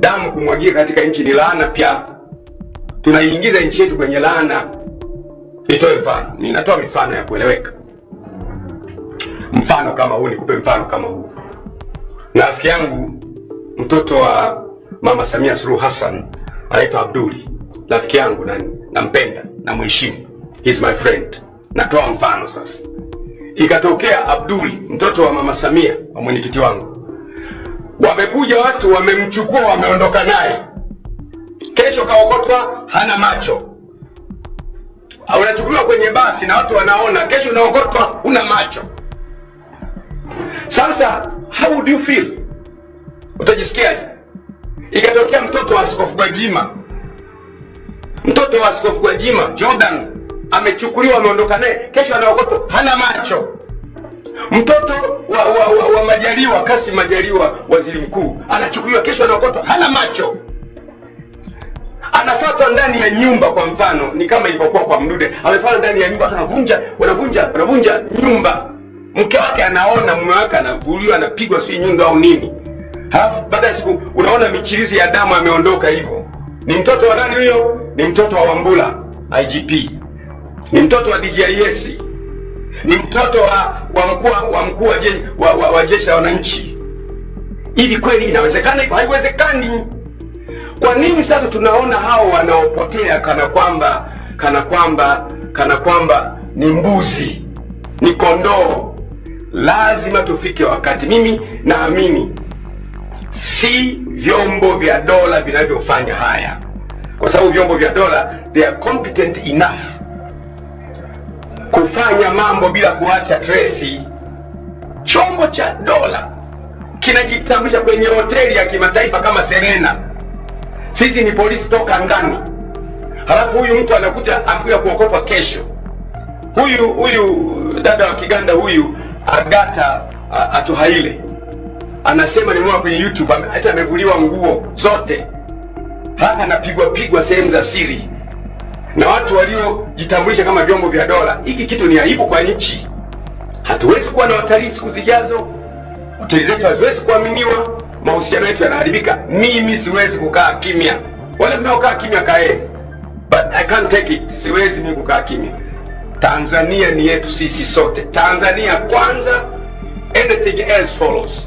Damu kumwagia katika nchi ni laana pia, tunaiingiza nchi yetu kwenye laana. Nitoe mfano, ninatoa mifano ya kueleweka. Mfano kama huu, nikupe mfano kama huu. Na rafiki yangu mtoto wa Mama Samia Suluhu Hassan anaitwa Abduli, rafiki yangu, nampenda, namheshimu, he's my friend. Natoa mfano sasa, ikatokea Abduli mtoto wa mama Samia wa mwenyekiti wangu, wamekuja watu wamemchukua, wameondoka naye, kesho kaokotwa hana macho. Unachukuliwa kwenye basi na watu wanaona, kesho unaokotwa una macho. Sasa how would you feel? Utajisikiaje? Ikatokea mtoto wa askofu Gwajima, mtoto wa askofu Gwajima Jordan amechukuliwa, ameondoka naye, kesho anaokotwa, hana macho. Mtoto wa, wa, wa, wa Majaliwa, Kassim Majaliwa, waziri mkuu, anachukuliwa, kesho anaokotwa, hana macho anafatwa ndani ya nyumba. Kwa mfano ni kama ilivyokuwa kwa Mdude, amefatwa ndani ya nyumba, wanavunja wanavunja wanavunja nyumba, mke wake anaona, mume wake anavuliwa, anapigwa si nyundo au nini, halafu baada ya siku unaona michirizi ya damu, ameondoka hivyo. Ni mtoto wa nani huyo? Ni mtoto wa Wambula, IGP ni mtoto wa DJIS, ni mtoto wa wa mkuu wa mkuu wa, wa, wa jeshi la wananchi. Hivi kweli inawezekana? Haiwezekani. Kwa nini sasa tunaona hao wanaopotea kana kwamba kana kwamba kana kwamba ni mbuzi, ni kondoo? Lazima tufike wakati, mimi naamini si vyombo vya dola vinavyofanya haya, kwa sababu vyombo vya dola they are competent enough kufanya mambo bila kuacha tresi. Chombo cha dola kinajitambulisha kwenye hoteli ya kimataifa kama Serena, sisi ni polisi toka ngani. Halafu huyu mtu anakuja amkuja kuokotwa kesho. Huyu huyu dada wa Kiganda huyu Agata Atuhaile anasema nimeona kwenye YouTube hata amevuliwa nguo zote, hata anapigwa pigwa sehemu za siri na watu waliojitambulisha kama vyombo vya dola. Hiki kitu ni aibu kwa nchi. Hatuwezi kuwa na watalii siku zijazo, hoteli zetu haziwezi kuaminiwa, mahusiano yetu yanaharibika. Mimi siwezi kukaa kimya, wale mnaokaa kimya kae, but I can't take it. Siwezi mimi kukaa kimya. Tanzania ni yetu sisi sote. Tanzania kwanza, anything else follows.